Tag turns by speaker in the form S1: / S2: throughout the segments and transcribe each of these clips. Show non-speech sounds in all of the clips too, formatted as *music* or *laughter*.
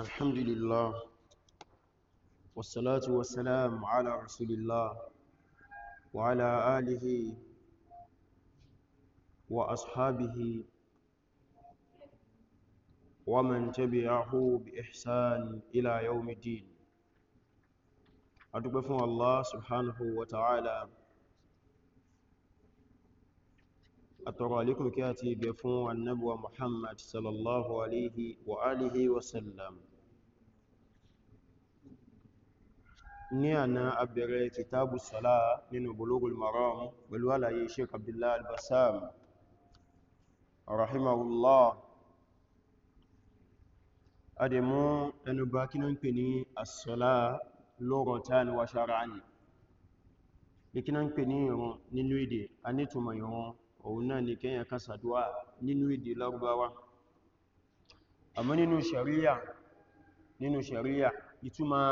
S1: الحمد لله والصلاة والسلام على رسول الله وعلى آله وأصحابه ومن تبعه بإحسان إلى يوم الدين أتقفوا الله سبحانه وتعالى àtọrọ àlékún kí a ti gẹ fún annabuwa muhammad sallallahu alaihi wa alihi wasallam ní àná abẹ̀rẹ̀ kitabu sọ́lá nínú bulugul maram pẹ̀lú àlàyé sheik abdullah albassam rahimahullah adẹ̀mú ẹnubá kí ní ń pè ní asọ́lá lọ́rọ̀ tán wa ṣara'an ní kí ní ń pè ní ìrun nínú èdè a nítumọ̀ ìrun òun náà ni kẹ́yàn kan sàdúwà nínú èdè lárúbáwá àmọ́ nínú sharia nínú sharia ìtumọ̀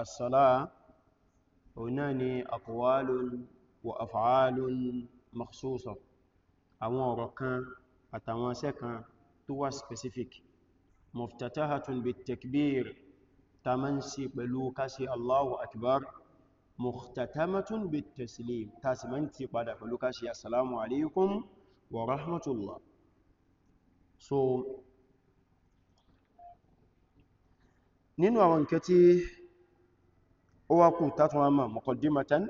S1: as-sala òun náà ni aqwalun wa af'alun makhsusa àwọn ọ̀rọ̀ kan àtàwọn iṣẹ́ kan tó wà specific muftatahatun bit takbir ta ma ń pẹ̀lú ká Allahu akbar مختتمة بالتسليم تاسمنتي بعد حلوكاش يا السلام عليكم ورحمة الله so نينو عنكتي أواكو تاتواما مقدمة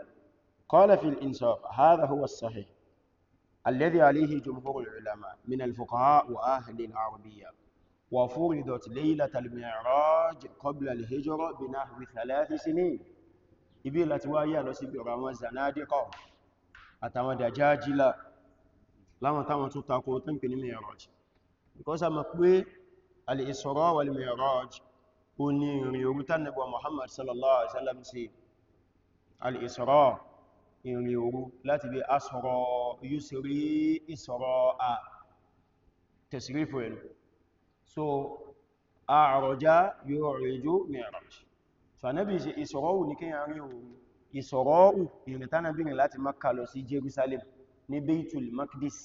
S1: قال في الإنصاف هذا هو الصحيح الذي عليه جمهور العلماء من الفقهاء وأهل العربية وفردت ليلة المعراج قبل الهجرة بنحو ثلاث سنين ibi láti wá yà lọ sí ibi ọ̀rọ̀ àwọn zanadikọ̀ àtàwọn dàjájílà láwọn táwọn tún takò tó ń pè ní mẹ́rọ̀jì because a mọ̀ pé al-Isra wal-Mi'raj o ní ìrìn òru tán Ànábì Muhammad sallallahu alaihi ìrìn òru láti so anábi ṣe ìsọ̀rọ̀wù ní kíyàn rí ohun ìsọ̀rọ̀wù ìrìntánàbìnrin láti Makka lọ sí Jerusalem ní Baitul Maqdis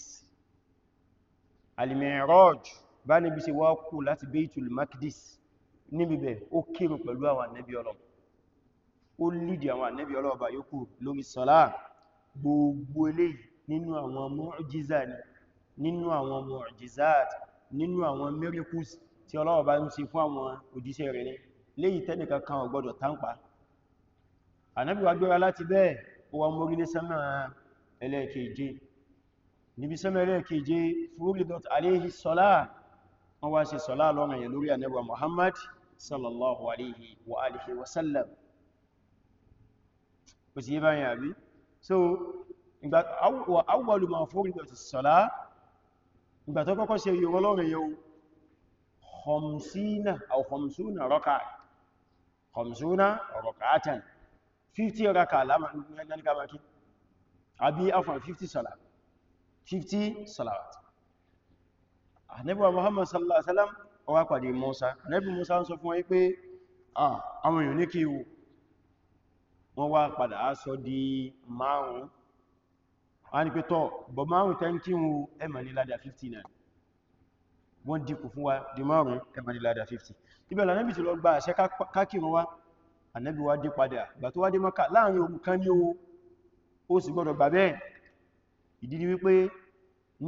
S1: al-Mi'raj bá níbi ṣe wá kú láti Baitul Maqdis níbibẹ̀ ó kírun pẹ̀lú àwọn anẹ́bí Ọlọ́run ó lìdí àwọn anẹ́bí Ọlọ́run bá yókù lórí sọ́lá gbogbo eléyìí ni nínú àwọn mu'jizat nínú àwọn miracles tí ń ṣe fún àwọn òjíṣẹ́ rẹ̀ léyìí tẹ́nìkan kan ọgbọ́dọ̀ tánpa ànábì wá gbéra láti bẹ́ẹ̀ ó wá mórí ní sánmà ẹlẹ́ẹ̀keje níbi sánmà ẹlẹ́ẹ̀keje fúrídọ̀t aléhì sọ́lá wọ́n wá ṣe sọ́lá lọ́rùn yẹ lórí ànábì Muhammad sallallahu alaihi wa alihi wa sallam kò sí bá yà bí so ìgbà awwalu ma fúrídọ̀t sọ́lá ìgbà tó kọ́kọ́ ṣe yíwọ́ lọ́rùn yẹ 50 aw 50 raka'a khamsuna rak'atan 50 raka lama nan ka maki abi afwan 50 salat 50 salawat Ànábì Muhammad sallallahu alaihi wasallam ó wá pàdé Musa Ànábì Musa ń sọ fún wọn pé ah àwọn èèyàn ní kí wo wọ́n wá padà á sọ di márùn-ún a ní pé tọ́ bọ̀ márùn-ún tẹ́ ń kí wọn ẹmà ní 59 wọ́n dínkù fún wa di márùn-ún ẹgbẹ̀dìláàdà 50 ibẹ̀ lànàbì ti lọ gba àṣẹ kákìrún wa ànàbì wa dé padà gbà tó wá dé mọ́ká láàrin ogun kan ní ó sì gbọ́dọ̀ gbà bẹ́ẹ̀ ìdí ni wípé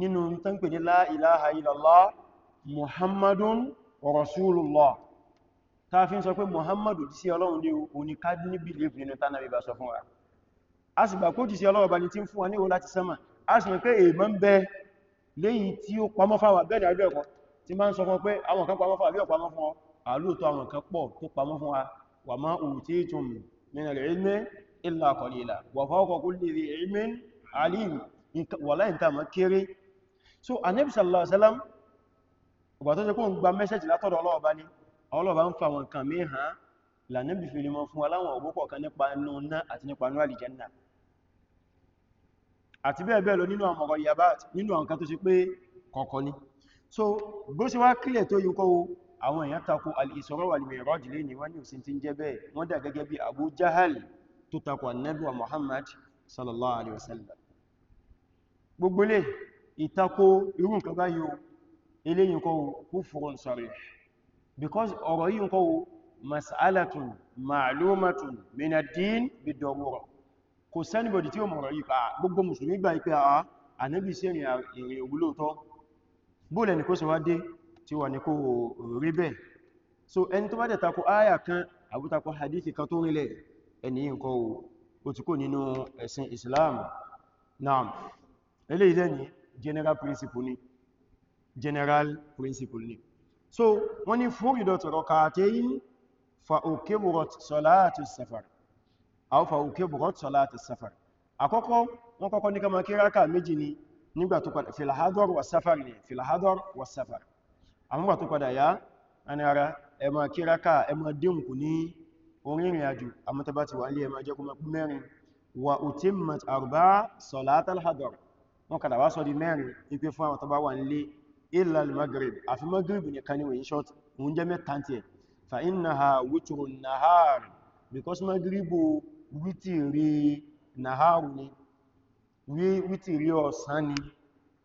S1: nínú tán pè ní la ilaha illallah muhammadun rasulullah ta fi ń sọ pé muhammadu ti sí ọlọ́run ní òní káàdì ní believe nínú tánà bíbá sọ fún wa a sì gbà kó ti sí ọlọ́run bá tí o láti sánmà a sì mọ̀ pé èèmọ́ ń bẹ léyìí tí ó pamọ́ fáwà bẹ́ẹ̀ ni àbẹ́ tí ma ń sọ fún pé àwọn kan pamọ́ fún àbí ọ̀pamọ́ fún ọ àlóòtọ́ àwọn kan pọ̀ tó pamọ́ fún wa wa ma utitum min al-ilmi illa qalila wa fawqa kulli dhi ilmin alim wàlá ìta ma kéré so Ànábì sallallahu alaihi wasallam ọba tó ṣe kó ń gba mẹ́sẹ̀jì látọ̀dọ̀ ọlọ́ọ̀bá ni ọlọ́ọ̀bá ń fa àwọn nǹkan mìíràn lànàbì fi lè mọ́ fún aláwọn ògbókọ̀ kan nípa inú ná àti nípa inú àlìjẹ́nà àti bẹ́ẹ̀ bẹ́ẹ̀ lọ nínú àwọn ọ̀rọ̀ yabat nínú àwọn kan tó ṣe pé kọ̀kọ́ ni so bó ṣe wá kílẹ̀ tó yíkọ́ àwọn èèyàn tako al-Isra wal-Mi'raj lé ní wọ́n ní òsìn tí ń jẹ́ bẹ́ẹ̀ wọ́n dà gẹ́gẹ́ bí Abu Jahal tó tako annabi wa Muhammad sallallahu alaihi wasallam gbogbo lè ìtako irú nǹkan báyìí ilé yíkọ́ kufrun sarih because ọ̀rọ̀ yìí kọ́ mas'alatun ma'lumatun min ad-din bid-darura kò sẹ́nibọ̀dì tí ó mọ̀rọ̀ yìí pa ah, gbogbo mùsùlùmí gbà ipẹ́ àà ah, ànábì sí ìrìn ògúlótọ́ bóòlẹ̀ ní kó sì wá dé tí wà ní kó rí bẹ́ẹ̀ so ẹni tó bá jẹ́ tako áyà kan àbútakọ hadithi kan tó rílẹ̀ ẹni yìí nǹkan ti kó nínú ẹ̀sìn Islam naam eléyìí dẹ̀ ni general principle ni general principle ni so wọ́n ní fúrídọ̀tù rọ̀kàtẹ́yìn fa'okeburot salatu safar àwọn fa'okeburot salatu safar àkọ́kọ́ wọ́n kọ́kọ́ ní kama kíraka méjì ni nígbà tó padà filahador wa safar ni filahador wa safar àwọn gbà tó padà yá ẹni ara ẹmọ kíráka ẹmọ dínkù ní orínrìn àjò àmọ́tàbá ti wà ní ẹmọ jẹ́ kúmọ̀ mẹ́rin wa utimmat arba salatal hadar wọn kàdà wá sọ di mẹ́rin ipé fún àwọn tàbá wà nílé illa al-maghrib àfi maghrib ní kaníwẹ̀ in short oun jẹ́ mẹ́ta tí ẹ̀ fa innaha witrun nahar because maghrib wítìrí nahar ni wítìrí ọ̀sán ni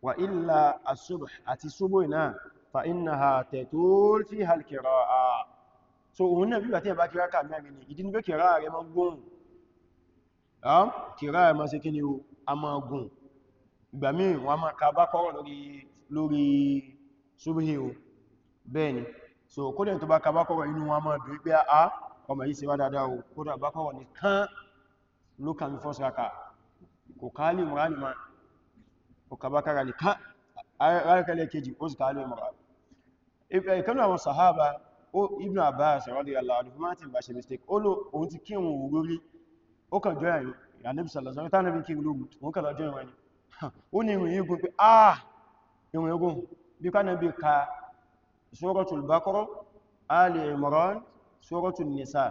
S1: wà illa asubh àti ṣubú iná fa innaha tatul fi halkira a so òun náà bíbà tí ẹ bá kíra kà mẹ́rin ni ìdí ní pé kíra rẹ mọ́ gùn kíra rẹ mọ́ sí kí ni o a mọ́ gùn ìgbà míì wọ́n máa ka bá kọ́rọ̀ lórí ṣubú o bẹ́ẹ̀ ni so kódẹ̀ tó bá ka bá kọ́rọ̀ inú wọn máa dùn pé a ọmọ yìí ṣe wá dáadáa o kódà bá kọ́rọ̀ nìkan ló kà mí fọ́sí kò káálì mùránì ma kò kàbákára ní ká arákẹ́lẹ̀ kejì ó sì káálì mùránì ìkànnà àwọn sahaba ó ibn abbas radiyallahu anhu máa ti bá ṣe mistake ó lò òun ti kírun òru rí ó kàn jọ ẹ̀yìn ìyànẹ́bì sàlọ̀sán tánàbí kírun lóògùn òun kàn lọ́jọ́ ìwọ̀n ni ó ní ìrìn igun pé ah ìrìn igun bí kánàbí ka suratul baqara ali imran suratul nisa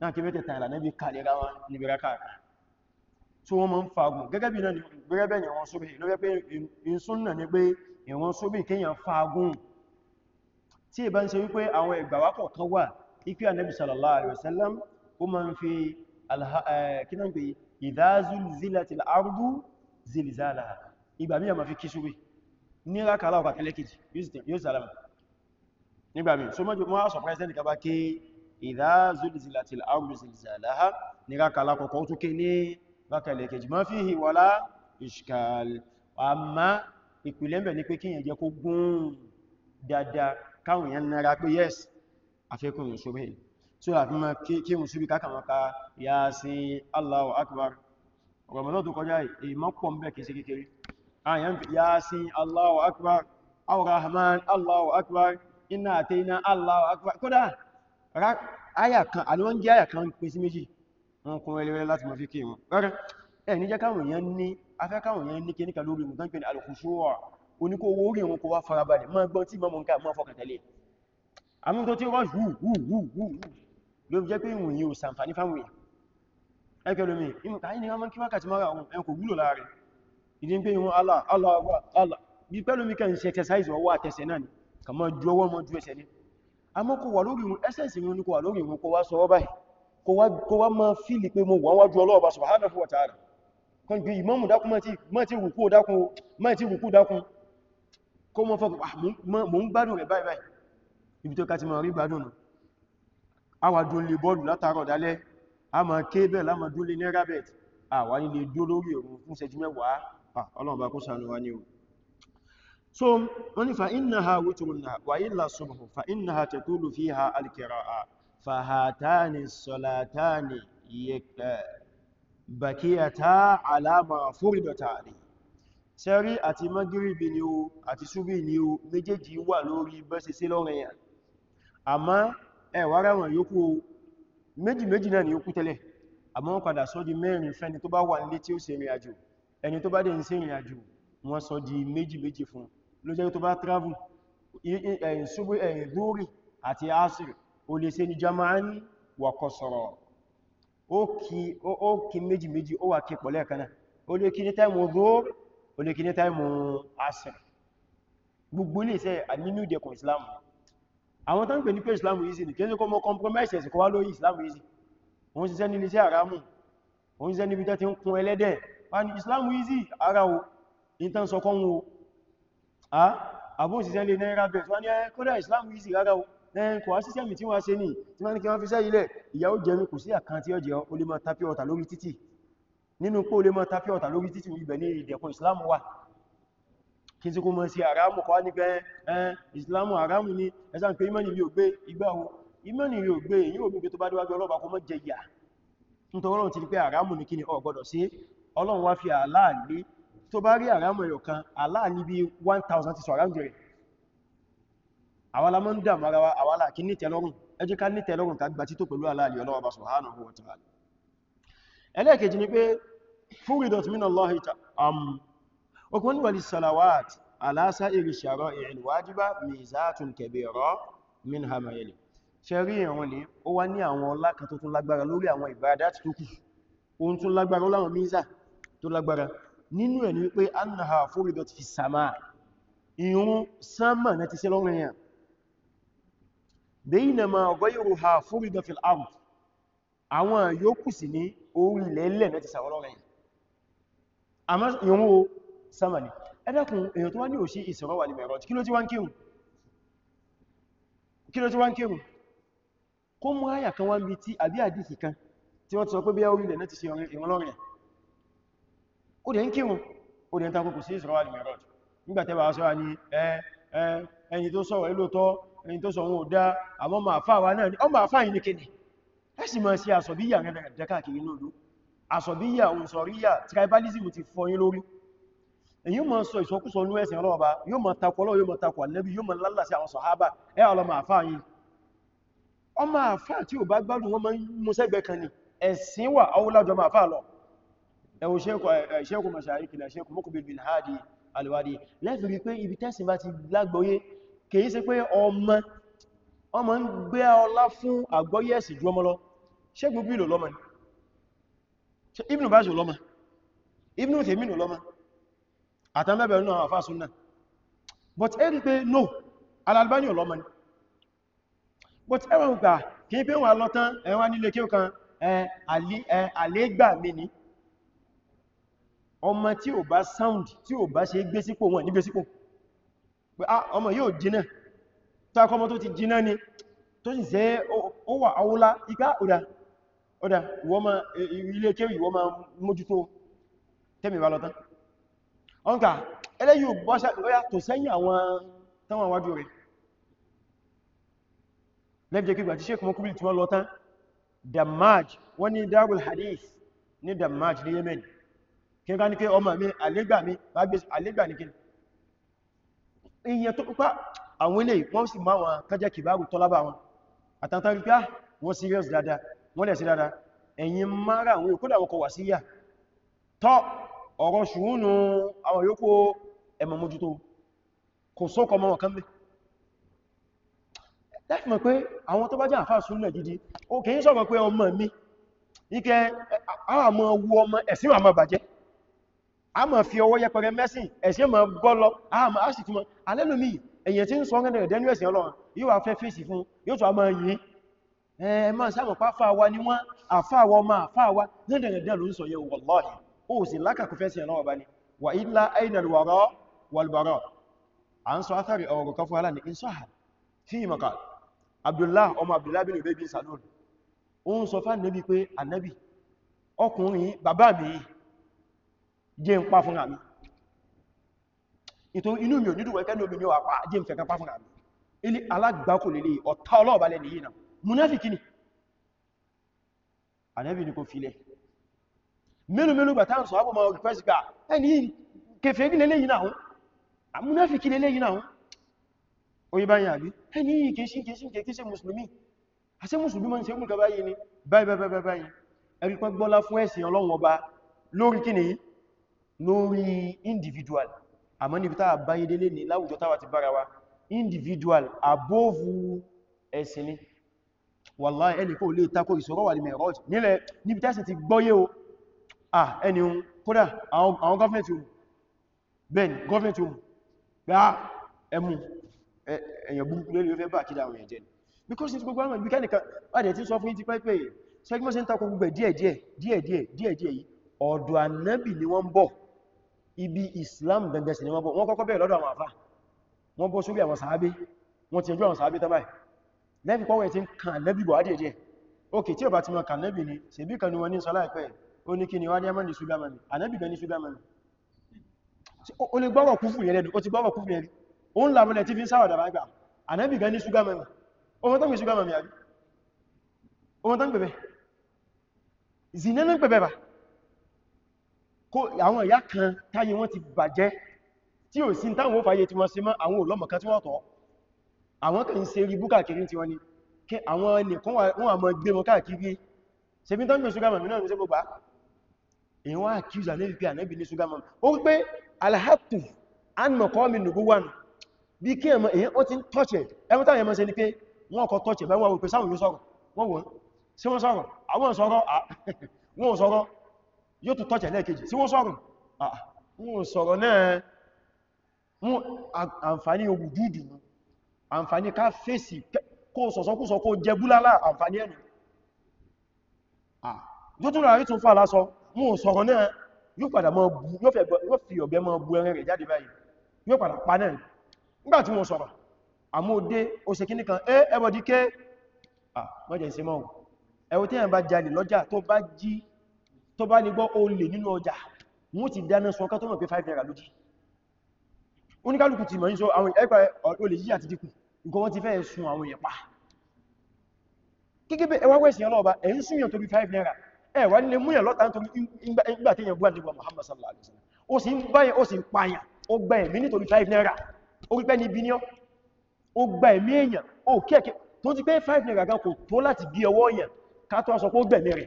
S1: náà kí mẹ́tẹ̀ta ìlànà bí kàlẹ̀ ra wọn níbi tí wọ́n máa ń fagùn gẹ́gẹ́ bí gẹ́gẹ́ ni àwọn sóbì ló yẹ pé ìsúnnà ni pé ìwọ̀n sóbì kíyàn fagùn tí ìbá ń ṣe wípé àwọn ìgbàwápọ̀ kan wà ikú ànábì sallallahu alaihi wasallam ó máa ń fi kínáǹgbé idhazul zilatil ardu zilzalaha ìgbà míyàn máa fi kí sóbì ní rákàlá ọ̀pá kẹlẹ́kejì yóò sàlámà nígbà míì so mọ́jọ mọ́ àṣọ president kaba kí idhazul kọ̀kọ́ tó ké ní bákẹ̀lẹ̀ kejì ma fihi wala ishkal àmá ìpìlẹ̀ mẹ́ ní pé kíyàn jẹ́ kó gún dáadáa káwọn èèyàn nára pé yes afẹ́kùn musubi so àfihàn kí musubi kákàmọ́ka Yasin Allahu Akbar Ramadan tó kọjá ìmọ́pọ̀ mẹ́ kìí sí kékeré Yasin Allahu Akbar Ar-Rahman Allahu Akbar inna atayna Allahu Akbar kódà áyà kan àníwọ́n jẹ́ áyà kan pèsè méjì wọn kún wẹ́lẹ́wẹ́lẹ́ láti mọ̀ fi kí wọn rẹ́rẹ́ ẹ̀ ní jẹ́ káwọn èèyàn ní afẹ́ káwọn èèyàn ní kíníkà lórí wọn tán pè ní alùkùsùwà oníkó owó orí wọn kó wá farabalẹ̀ máa gbọ́n tí mọ́mọ́ nǹkan mọ́ fọkàn tẹ̀lé àmì tó tí wù wù wù ló jẹ́ pé ìwọ̀n ò sàǹfàní fáwọn èèyàn ẹgbẹ́ lómi ìmọ̀ ni wọ́n kí wákàtí mara wọn ẹn kò wúlò láàrẹ ìdí pé ìwọ̀n Allah Allah Allah bí pẹ́ ni kàmọ́ ju ọwọ́ mọ́ ju ẹsẹ̀ ni àmọ́ kò wà lórí wọn ẹsẹ̀ ni kò wà lórí wọn kò wá sọ kọwa wá máa fílì pé mo wà wájú ọlọ́ọ̀bá subhanahu wa ta'ala kan gbé ìmámù dákún mọ́ tí rùkú dákún kó mọ́ fọ́kù ah, mọ́ ń gbádùn rẹ̀ báyìí ibi tó ká ti mọ̀ rí gbádùn nù àwa dún lè bọ́ọ̀lù látàrọ̀ dálẹ́ a máa kébẹ̀ a dún lè ní rábẹ̀t àwa nílé dó lórí òun fún mẹ́wàá o فهاتان الصلاتان بكيتا على ما فرضت عليه sẹ́rí àti magiribi ni o àti ṣúbí ni o méjèèjì wà lórí bẹ́sẹ̀ sí lọ́rẹ̀ yà àmọ́ ẹ̀wà ara wọn yóò méjì méjì náà ni ó kú tẹ́lẹ̀ àmọ́ wọ́n padà sọ di mẹ́rin fẹ́ni tó bá wà nílé tí ó ṣe ìrìn àjò ẹni tó bá dẹ̀ ń ṣe ìrìn àjò wọ́n sọ di méjì méjì fún ló jẹ́ tó bá travel ẹ̀yìn ṣúbí ẹ̀yìn lórí àti asiri o lè ṣe ní jama'an wà kọsọ̀rọ̀ ó kí méjì méjì ó wà kí pọ̀lẹ̀ kanáà o lè kí ní táìmù dhuhr o lè kí ní táìmù asr gbogbo ilé iṣẹ́ àmínú ìdẹ̀kùn islam àwọn tán pè ní pé islam easy ní kéèsì kó mọ́ compromises kó wá lórí islam easy òun ṣiṣẹ́ ní iléeṣẹ́ àrámù òun ṣiṣẹ́ níbi ẹn kò wá sí sẹ́mì tí wọ́n ṣe ní tí wọ́n ní kí wọ́n fi sẹ́yìnlẹ̀ ìyàwó jẹ́mi kò sí àkàn tí ó jẹ́ o lè máa tapí ọ̀tà lórí títì nínú pé o lè máa tapí ọ̀tà lórí títì ibẹ̀ ní ìdẹ̀kùn Islam wà kí sí kó mọ́ sí àrámù kọ́ ní pé ẹn Islam àrámù ni ẹsàn pé imani rí ògbé igbá o imani rí ògbé èyí ògbé pé tó bá déwájú ọlọ́ba kó mọ́ jẹ ìyà nítorí ọlọ́run ti rí pé àrámù ni kí ni ọ gbọ́dọ̀ sí ọlọ́run wá fi àláàlé tó bá rí àrámù ẹ̀yọ̀ kan 1000 ti sọ àwọn alamọ́ ń dàmà ara wa àwálà kí nítẹ̀lọ́rùn ẹ jẹ́ ká nítẹ̀lọ́rùn ká gbàtí tó pẹ̀lú aláàlì Ọlọ́run Ọba subhanahu wa ta'ala ẹlẹ́ẹ̀kejì ni pé furidat min Allah okun um, wal salawat ala sa'iri shara'i'il wajiba mizatun kabira min hamayeli ṣẹ̀rí ìrun ni ó wá ní àwọn ọlá kan tó tún lágbára lórí àwọn annaha furidat fi sama ìrun sánmà na ti ṣe lọ́rùn yẹn bẹ́yìnàmà ọgọ́yìrò ha fúrídọ̀ fil ard àwọn yóòkù sí ní orí lẹ́lẹ̀ náà ti sàwọ́lọ́rẹ̀ yìí àmọ́ ìwọ̀n o sámàlì ẹ̀dẹ́kùn èyàn tó wá ní òṣì Isra wal Mi'raj kí ló ti wá ń kírun kó mú àyà kan wá ń bi tí àbí àdìsì kan tí wọ́n ti sọ pé bí orí ẹni tó sọ̀rọ̀ ilóòtọ́ ẹni tó sọ wọn ò dá àwọn ọmọ àfá wa náà ni ọmọ àfá yìí ní kéde ẹ̀sì mọ̀ sí àsọ̀bíyà rẹ̀ dákàkiri náà ló àsọ̀bíyà òǹsọ̀ríyà tribalism ti fọyín lórí èyí mọ̀ sọ ìsọkúsọ ní ẹ̀sìn ọlọ́ọ̀bá yóò mọ̀ takọlọ́ yóò mọ̀ takọ̀ ànábì yóò mọ̀ lálàsí àwọn sọ̀hábà ẹ ọlọ́mọ àfá yìí ọmọ àfá tí ò bá gbádùn wọn mú sẹ́gbẹ̀ kan ni ẹ̀sìn wà áwúlájọ máa fà lọ ẹwọ ṣẹ́kù mọ̀ṣàríkìlẹ̀ ṣẹ́kù mọ́kù bin Hadi al-Wadi lẹ́fìrí pé ibi tẹ́sìn bá ti lágbóyé kìí ṣe pé ọmọ ọmọ ń gbé ọlá fún àgbọ́yẹ̀sì ju ọmọ lọ ṣe gbogbo ìlò lọ́mọ ni ibnu báṣù lọ́mọ ibnu tèmínú lọ́mọ àtàmẹ́bẹ̀rẹ̀ náà àfáà súnnà but ẹ rí pé no Al-Albani lọ́mọ ni but ẹwọ̀n gbà kìí pé wọ́n lọ́tán ẹwọ́n nílé kí kan àlégbà mi ni ọmọ tí ò bá sound tí ò bá ṣe gbé sípò wọn ní gbé sípò pé ah, ọmọ yóò jiná takọmọ tó ti jiná ni tó sì sẹ́ ó wà awúlá igá ọ̀dá ọ̀dá ilé kéwì wọ́n ma mójútó tẹ́mì bá lọ́tán ọǹkà ẹlẹ́yìn bọ́yá tó sẹ́yìn àwọn táwọn wájú rẹ̀ lẹ́bjẹ́ kí gbàtí sẹ́kù mọ́kúbìlì tí wọ́n lọ́tán damaj wọ́n ní darul hadith ní damaj ní yemen kí n ká ní pé ọmọ mi àlégbà mi àlégbà ní kí ni èyàn tó púpá àwọn ilé wọ́n sì máa wọn kájẹ́ kìbáàrù tọ́lábà wọn àtàntà rí pé ah, wọ́n serious dada wọ́n lẹ̀ sí dada ẹ̀yin mara àwọn yòókù dà wọ́kọ̀ wà sí yà tọ́ ọ̀rọ̀ ṣùúnù àwọn yòókù ẹ̀mọ̀ mójútó kò sókọ mọ́ wọn kan bẹ́ láti mọ̀ pé àwọn tó bá a ma fi ọwọ́ yẹpẹrẹ mẹ́sìn ẹ̀ṣẹ́ ma bọ́ lọ a ma a sì túnmọ̀ alẹ́lùmí èyàn tí ń sọ rẹ̀ dẹ́nu ẹ̀sìn Ọlọ́run yóò wá fẹ́ fèsì fún yóò tó a ma yìí ẹ ma sáàmùpá fàwa ni wọ́n àfàwọ ma àfàwa dẹ́dẹ̀rẹ̀dẹ́ ló ń sọ yẹ wallahi ó sì lákàkùfẹ́ sí ẹ̀nà ọba ni wà ilá ainal wara walbara a ń sọ athari ọ̀rọ̀ kan fún aláni insaha fi maka abdullah ọmọ abdullah bin ubay bin salul ó ń sọ fún annabi pé annabi ọkùnrin bàbá mi yìí jẹ́ ń pa fúnra mi ìtò inú mi ò nídùn wẹ́kẹ́ lómi ní ọ̀pá jẹ́ ń fẹ́ kan pa fúnra mi ilé alágbákò lè ọ̀tá ọlọ́ọ̀bá lẹ́ni yìí náà munafiki ni ànábì ni kò filẹ̀ mélòó mélòó gbàtà ń sọ àbọ̀ mọ́ request ni ẹni kèfèrí lélẹ́ yìí náà àmúnáfikí lélẹ́ yìí náà oyi báyìí àbí ẹni kèṣí kèṣí kèṣí mùsùlùmí àṣẹ mùsùlùmí ma ń lórí individual àmọ́ níbi tàà báyé délé ní láwùjọ táwà ti bára wa individual abóòfù ẹ̀sìn ni wallahi ẹni kò lè takò ìṣòro wà ní mẹ́rọ̀jì nílẹ̀ níbi tẹ́sì ti gbọ́yé o ah ẹni un kódà àwọn gọ́fẹ́ntì ohun ben gọ́fẹ́ntì ohun gbá ẹmù ẹ̀yàn burúkú lórí ó fẹ́ because ní gbogbo àwọn ìbíkẹ́nìkan adẹ̀ tí sọ fún ìtí pẹ́pẹ́ segment center kò gbogbo díẹ̀díẹ̀ díẹ̀díẹ̀ díẹ̀díẹ̀ yìí ọ̀dọ̀ ànábì ni wọ́n bọ̀ ibi islam gẹ̀gẹ̀ sí ni wọ́n bọ́ wọ́n kọ́kọ́ bẹ̀rẹ̀ lọ́dọ̀ àwọn àfá wọ́n bọ́ sórí àwọn sàábé wọ́n ti ẹjọ́ àwọn sàábé tàbí lẹ́bí pọ́wẹ́ ti ń kàn lẹ́bí bọ̀ adìẹ̀jẹ́ ok tí ó bá ti mọ̀ kàn lẹ́bí ni ṣebí kan ni wọ́n ní sọ́lá ìpẹ́ ó ní kí ni wá diamond sugar mami anẹ́bì gan ni sugar mami ó lè gbọ́rọ̀ kúfù yẹn lẹ́nu ó ti gbọ́rọ̀ kúfù yẹn rí ó ń làmúlẹ̀ tí fi ń sáwàdà bá gbà anẹ́bì gan ni sugar mami ọmọ tó ń gbé sugar mami àbí ọmọ tó ń gbẹ̀bẹ̀ zinẹ́ ń gbẹ̀bẹ̀ bá àwọn ìyá kan táyé wọ́n ti bàjẹ́ tí ò sí táwọn fàyè tí wọ́n ṣe mọ́ àwọn olọ́mọ̀kan tí wọ́n tọ́ àwọn kan ṣe rí bú káàkiri tí wọ́n ni kí àwọn nìkan wọ́n àmọ́ gbé wọn káàkiri ṣe bí tán gbé ṣúgá mọ̀ mìíràn ṣe gbogbo èyàn wá accuse ànẹ́bì pé ànẹ́bì ní ṣúgá mọ̀ ó pé alhatu anmọ̀kọ́ mi nùgbó wà nù bí kí ẹmọ èyàn ó ti ń tọ́ọ̀ṣẹ̀ ẹmọ táwọn ẹmọ ṣe ni pé wọ́n kọ tọ́ọ̀ṣẹ̀ bá wọ́n wọ́n pé sáwọn yóò sọ̀rọ̀ wọ́n wọ́n sí wọ́n sọ̀rọ̀ àwọn sọ̀rọ̀ *laughs* yóò tún tọ́jẹ̀ lẹ́ẹ̀kejì sí wọ́n sọ̀rọ̀ wọ́n sọ̀rọ̀ náà wọ́n àǹfàní ogun dúdù àǹfàní ká fèsì kó sọ̀sọ́kúsọ kó jẹ búlálà àǹfàní ẹ̀nà yóò tún rárí tún fà lásọ wọ́n sọ̀rọ̀ náà yóò padà mọ́ bú yóò fi ọ̀bẹ mọ́ bú ẹran rẹ̀ jáde báyìí yóò padà pa náà nígbà tí wọ́n sọ̀rọ̀ àmóde òṣèkíní kan ẹ ẹbọdí tó bá ní gbọ́ olè nínú ọjà wọ́n ti dáná sun ọká tó mọ̀ pé 5 naira lójí oníkálùkù ti mọ̀ ní sọ àwọn ẹgbà olè yíyà àti dínkù nǹkan wọ́n ti fẹ́ sun àwọn èèyàn pa kíkẹ́ bẹ́ ẹwà wẹ́sìn ọlọ́ọ̀bá ẹ̀ ń súnyàn torí 5 naira ẹ wà nílé múyàn lọ́ta nítorí ìgbà tí èèyàn bú àdìgbà Muhammad sallallahu alaihi wasallam ó sì ń báyẹ̀ ó sì ń pààyàn naira ó rí pẹ́ ní bíníọ́ ó gbà ẹ̀mí èèyàn ó kẹ́ẹ̀kẹ́ naira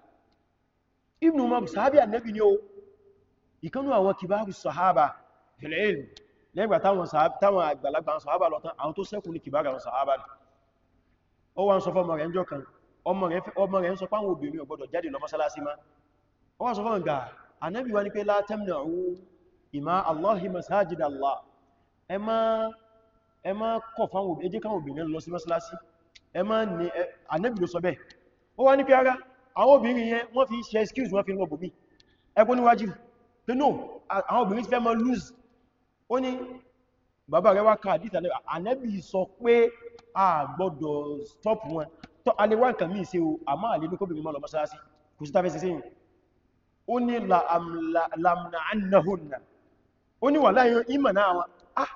S1: ibn umar sahabi annabi ni o ìkanú àwọn kìbáàrù sahaba fil-ilm lẹ́gbà táwọn àgbàlagbà sahaba lọ tán àwọn tó ṣẹ́kù ní kìbáàrù àwọn sahaba ni ó wá ń sọ fọ́mọ rẹ̀ ń jọ kan ọmọ rẹ̀ ń sọ páwọn obìnrin ò gbọdọ̀ jáde lọ mọ́sálásí má ó wá sọ fọ́mọ gà annabi wá ní pé la tamna'u ima allahi masajid allah ẹ má ẹ má kọ̀ àwọn obìnrin yẹn wọ́n fi ṣe excuse wọ́n fi lọ bòmí ẹgbọ́n níwájú pé no àwọn obìnrin ti fẹ́ mọ́ lose ó ní bàbá rẹ̀ wá káà dìtà ànẹ́bì sọ pé a gbọ́dọ̀ stop wọn tọ́ alẹ́wà nǹkan mí ṣe o àmọ́ àlẹ́lú kóbìnrin mọ́ lọ mọ́sálásí kò sí tafẹ́ sí sẹ́yìn ó ní lamna annahunna ó ní wà láyé ìmọ̀ ah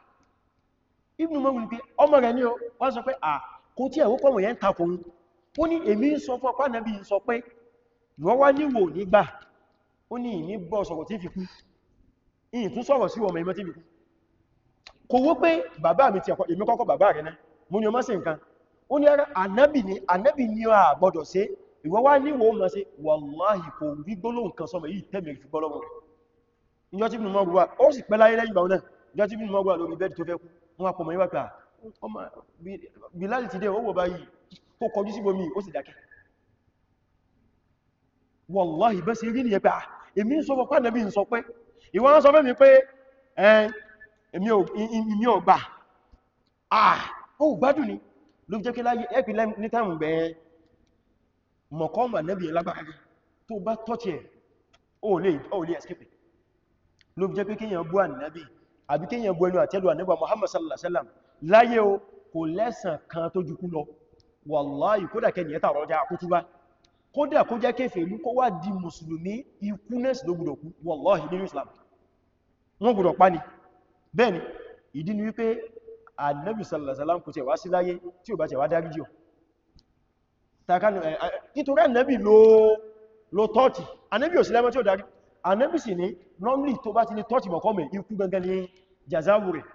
S1: ibùn mọ́ wùn pé o wọ́n sọ pé ah kò tí ẹ̀wọ́ pọ̀wọ̀ yẹn ó ní èmi ń sọ fún ọpá nàbí sọ pé wọ́n wá níwò nígbà ó ní ìní bọ́ sọ̀rọ̀ tí fi kú ìyìn tún sọ̀rọ̀ sí ọmọ ìmọ̀ tí fi kú kò wó pé bàbá mi ti ẹ̀kọ́ èmi kọ́kọ́ bàbá rẹ̀ náà mú ní ọmọ sí nǹkan ó ní ara ànábì ni ànábì ni a gbọ́dọ̀ ṣe ìwọ́n wá níwò mọ́ sí wàláhì kò rí gbólóhùn kan sọmọ yìí tẹ́mì fi bọ́ lọ́rùn ìjọ tí mo gbọ́ ó sì pẹ́ láyé lẹ́yìn ìgbà náà ìjọ tí mo gbọ́ tó kọjú sí bomi ó sì dákẹ́ wallahi bẹ́ sí rí ní ẹgbẹ́ ah, èmi ń sọ pọ́pá nẹ́bí ń sọ pé ìwọ́n ń sọ fẹ́ mi pé èmi ò gbà ah ó gbádùn ni ló jẹ́ kí láyé ẹ́pì ní táìmù bẹ̀ẹ́ mọ̀kọ́mà nẹ́bí lágbàáyé tó bá tọ́tí ẹ̀ ó lè escape ló jẹ́ pé kíyàn bú ànìyàn àbí kíyàn bú ẹnu àtẹ́lù ànìyàn Muhammad sallallahu alaihi wasallam láyé o kò lẹ́sàn kan tó jukú lọ wàláyì kódà kẹ́ nìyẹ́ta rọjá àkútúbá kódà kó jẹ́ kéfèrí kó wá di mùsùlùmí ikú nẹ́sì ló gbùdọ̀ kú wàláyì nínú islam wọ́n gbùdọ̀ pa ni bẹ́ẹ̀ni ìdí ni wípé ànábì sallallahu alaihi wasallam kò tẹ̀ wá sí láyé tí ò bá tẹ̀ wá dáríjì ọ̀ nítorí ànábì ló tọ́ọ̀tì ànábì ò sí lẹ́mọ́ tí ó darí ànábì sì ní normally tó bá ti ní tọ́ọ̀tì mọ̀kọ́mẹ̀ ikú gangan ní jazawu rẹ̀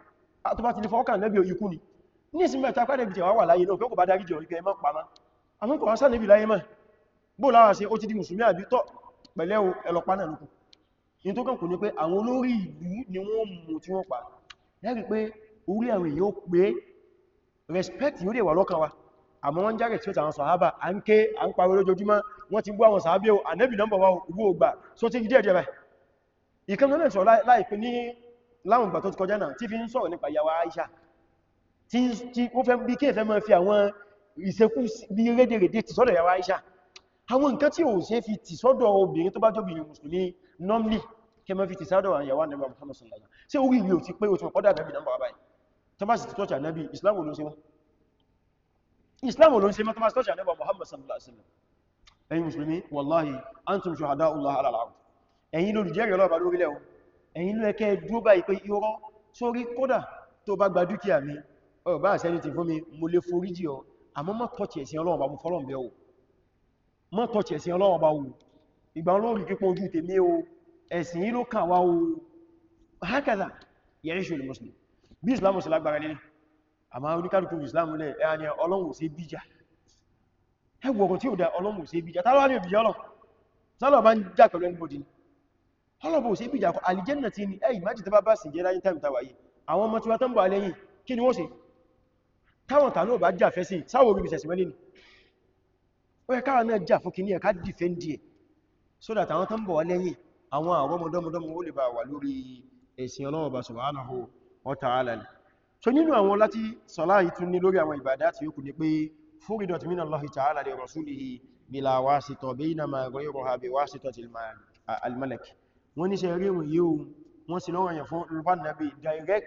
S1: tó bá ti ní fọ́ọ̀kà ànábì ikú ni ní ìsinmi ẹ̀ta pàdé ìbìtẹ̀ wà wà láyé náà pẹ́kù bá dárí jẹ́ orípẹ́ ẹmọ́ pàmá àwọn kọ̀ ọ̀sán níbi láyé mọ́ bó láwá sí ó ti di mùsùlùmí àbí tọ́ ni wọ́n mú tí wọ́n pa lẹ́rìí pé respect yóò dẹ̀ wà lọ́kàn wa àmọ́ wọ́n járe tí ó tàwọn sàhábà à ń ké à ń pariwo lójoojúmọ́ wọ́n ti bú àwọn sàhábé o ànẹ́bì nọ́mbà wa owó ògbà só ti díẹ̀ díẹ̀ báyìí ìkan náà sọ láìpẹ́ ní láwọn ìgbà tó ti kọjá náà tí fi ń sọ̀rọ̀ nípa ìyàwó Aisha tí ó fẹ́ bí kéèfẹ́ máa fi àwọn ìṣekú bí rédèrèdè ti sọ́dọ̀ yàwó Aisha àwọn nǹkan tí ò ṣe fi ti sọ́dọ̀ obìnrin tó bá jọ obìnrin mùsùlùmí normally kẹ mọ́ fi ti sọ́dọ̀ àyàwó Ànábì Muhammad sallallahu alaihi wasallam ṣé orí ìwé ò ti pé o ti mọ̀ pọ́dà Ànábì nàmbà báyìí tó bá sì ti tọ́jà Ànábì Islam ló ń ṣe mọ́ Islam ló ń ṣe mọ́ tó bá sì tọ́jà Ànábì Muhammad dúkìá mi ọ bá ṣe anything fún mi mo lè foríjì ọ àmọ́ má tọ́ọ̀tì ẹ̀sìn Ọlọ́run bá mú fọ́lọ́run bẹ́ o má tọ́ọ̀tì ẹ̀sìn Ọlọ́run bá wù ìgbà Ọlọ́run kípọ̀ ojú tèmi o ẹ̀sìn yìí ló kà wá o hákàdà yẹ̀rí ṣe olùmọ̀sùlùm bí Islam ṣe lágbára nílé àmọ́ oníkàlùkù Islam lẹ̀ ẹ̀ ni Ọlọ́run ṣe bíjà ẹwọ ọ̀gọ̀ tí ó dá Ọlọ́run ṣe bíjà tàbí ní òbíjà Ọlọ́run sálọ̀ bá ń jà pẹ̀lú ẹnibodi ni Ọlọ́run ṣe bíjà kọ àlìjẹ́nà tí ní ẹ̀yìn májì tó bá bá sì jẹ́ láyé tàbí tàwà yìí àwọn ọmọ tí wọ́n tán bọ̀ alẹ́yìn kí ni wọ́n ṣe táwọn tàà náà bá jà fẹ́ sí sáwọn orí bìsẹ̀sì mẹ́lẹ̀ ni ó yẹ káà náà jà fún kí ní ẹ̀ká dìfẹ́ndì ẹ̀ so that àwọn tán bọ̀ wá lẹ́yìn àwọn àwọmọdọ́mọdọ́mọ ó lè bá wà lórí ẹ̀sìn Ọlọ́run bá subhanahu wa ta'ala ni so nínú àwọn láti sọlá yìí tún ní lórí Allah ta'ala li rasulihi bila wasita bayna ma ghayruha bi wasitati al-malak wọ́n ní ṣe rí wọn yíò wọ́n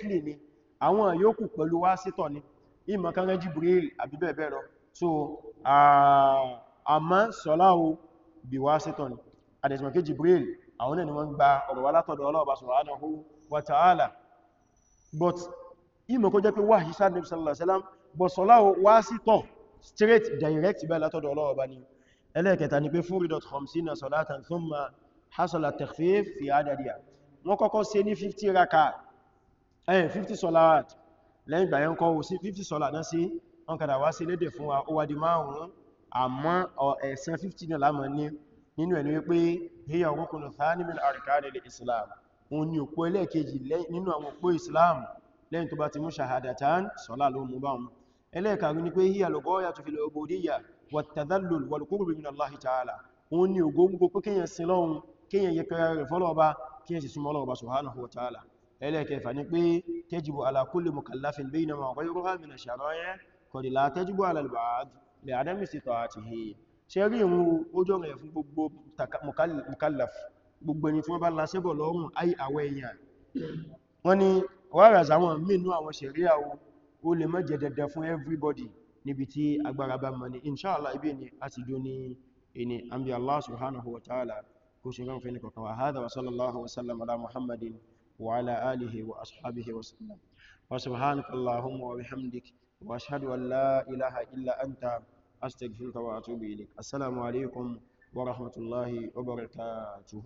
S1: ni àwọn yóò kù pẹ̀lú ìmọ̀kan rẹ̀ Jibril àbí bẹ́ẹ̀ bẹ́ẹ̀ lọ so àmá sọ́láwó bí wá sétọ̀ ni àdẹ̀sìmọ̀ké Jibril àwọn ẹni wọ́n gba ọ̀rọ̀ wá látọ̀dọ̀ Ọlọ́run subhanahu wa ta'ala but ìmọ̀ kó jẹ́ pé wà hìsá nabi sallallahu alaihi wasallam but sọ́láwó wá straight direct bẹ́ẹ̀ látọ̀dọ̀ Ọlọ́run ni ẹlẹ́ẹ̀kẹta ni pé furidat khamsina salatan thumma hasala takhfif fi adadiya wọ́n kọ́kọ́ ṣe ní 50 raka eh 50 salat lẹ́yìn ìgbà yẹn kọ́ 50 sọ́là náà sí wọ́n kàdà wá sí lédè fún wa ó wá di márùn-ún àmọ́ ẹ̀sán 50 náà lámọ̀ ní nínú ẹni wípé hiya rukunu thani min arkani lil islam òun ni òpó ẹlẹ́ẹ̀kejì nínú àwọn òpó islam lẹ́yìn tó bá ti mú shahadatan sọ́là ló mú báhùn ẹlẹ́ẹ̀karùn ni pé hiya lughayatu fil ubudiyya wat tadhallul wal qurb min Allah ta'ala òun ni ògógó pé kéèyàn sin lọ́hun kéèyàn yẹkẹrẹ rẹ̀ fọ́lọ́ọba kéèyàn sì súnmọ́ lọ́ọba subhanahu wa ta'ala ẹlẹ́kẹfà ní pé tẹ́jìbò alákúlù mukallafin bí na mọ̀kọ̀ yóò hàmì na ṣàrọ́yẹ́ kọ̀dìlá tẹ́jìbò alàlbàád lè adámi sí tọ́wàtí hì ṣe rí ìwú ojú rẹ̀ fún gbogbo mukallaf gbogbo ẹni tí wọ́n bá lásẹ́bọ̀ lọ́rùn ay àwọ èèyàn everybody níbi tí agbára bá mọ̀ ní inṣáàlá ibi ni a ti jó ní ẹni ambi Allah subhanahu wa ta'ala kó ṣe rán fẹ́ ní kọ̀kan wa wa sallallahu wa ala muhammadin وعلى آله وأصحابه وسلم وسبحانك اللهم وبحمدك وأشهد أن لا إله إلا أنت أستغفرك وأتوب إليك السلام عليكم ورحمة الله وبركاته